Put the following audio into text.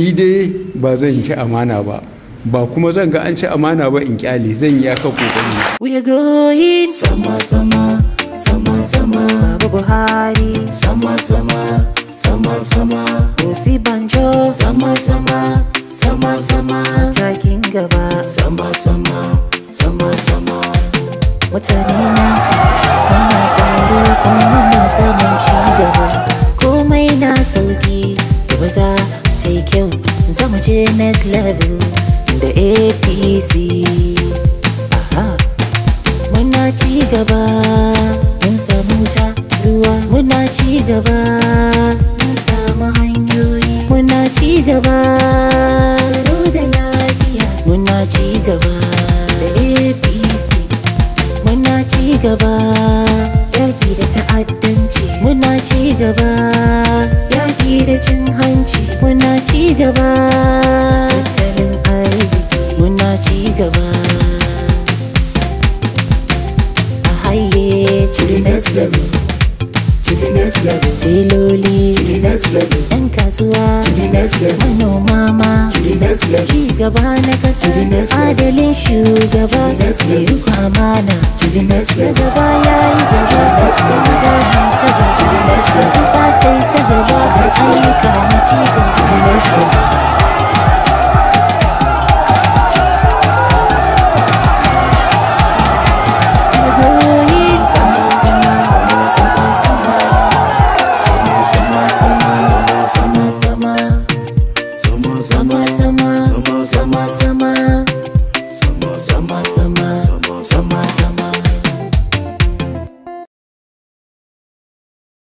ni dai ba zan ci amana ba ba kuma zan ga an ci amana ba in kyale zan yi aka kokari we going sama sama sama sama babu hari sama sama sama sama osi banjo sama sama sama sama takin gaba sama sama sama sama mutane na muna karo kuma na samun shi gaba komai na sauki ba za ta yi kyau za mu je next level da apc aha muna ci gaba mun samu wuta muna ci gaba mun samu hanyoyi muna ci gaba tsaro da lafiya muna ci gaba da apc muna ci gaba yaki da ta'addanci muna ci gaba gaba a haye to the next level to the next level teloli to the next level yan kasuwa to the next level manoma mama to the next level ci gaba na kasa to the next level adalin shugaba to the next level rikon amana to the next level gaba ya yi gaba za mu ta gaba kasa ta yi ta gaba ayyuka na ci gaba sama sama sama sama sama